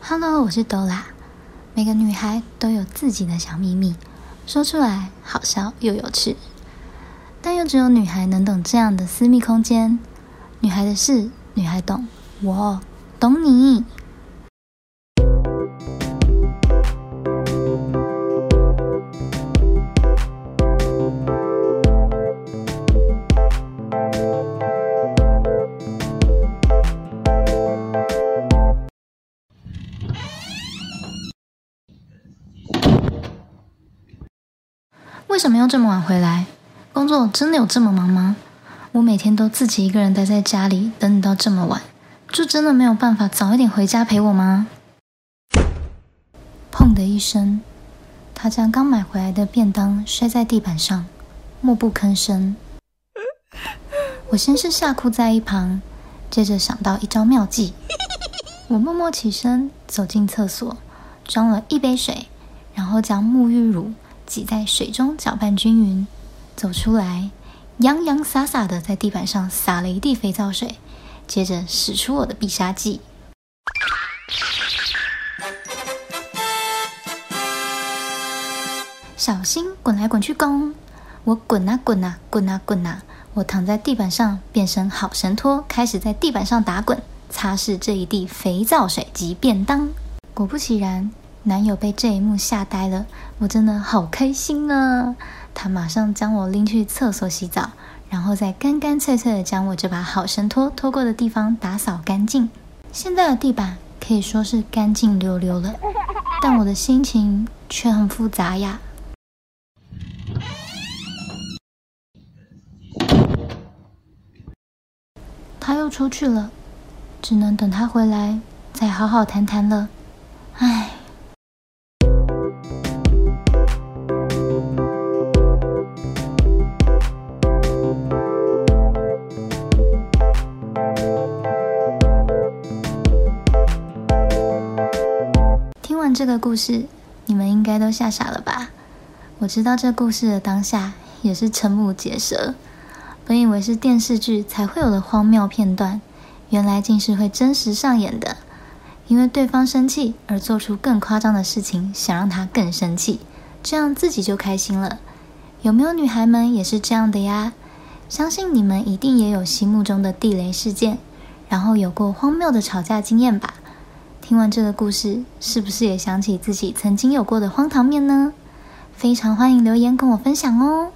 哈嘍，我是朵拉。每個女孩都有自己的小祕密，說出來好笑又有趣，但又只有女孩能懂這樣的私密空間。女孩的事，女孩懂，我懂你。為什麼要這麼晚回來？工作真的有這麼忙嗎？我每天都自己一個人待在家裡等你到這麼晚，就真的沒有辦法早一點回家陪我嗎？砰的一聲，他將剛買回來的便當摔在地板上，默不吭聲。我先是嚇哭在一旁，接着想到一招妙計，我默默起身走進廁所，裝了一杯水，然後將沐浴乳。擠在水中攪拌均勻，走出來，洋洋灑灑地在地板上撒了一地肥皂水，接着使出我的必殺技，小心滾來滾去攻，我滾啊滾啊滾啊滾啊，滾啊，我躺在地板上變身好神拖，開始在地板上打滾，擦拭這一地肥皂水及便當，果不其然。男友被這一幕嚇呆了，我真的好開心啊！他馬上將我拎去廁所洗澡，然後再乾乾脆脆的將我這把好神拖拖過的地方打掃乾淨。現在的地板可以說是乾淨溜溜了，但我的心情卻很複雜呀。他又出去了，只能等他回來再好好談談了。唉。這個故事，你們應該都嚇傻了吧？我知道這故事的當下也是瞠目結舌。本以為是電視劇才會有的荒謬片段，原來竟是會真實上演的。因為對方生氣而做出更誇張的事情，想讓他更生氣，這樣自己就開心了。有沒有女孩們也是這樣的呀？相信你們一定也有心目中的地雷事件，然後有過荒謬的吵架經驗吧？聽完這個故事，是不是也想起自己曾經有過的荒唐面呢？非常歡迎留言跟我分享哦。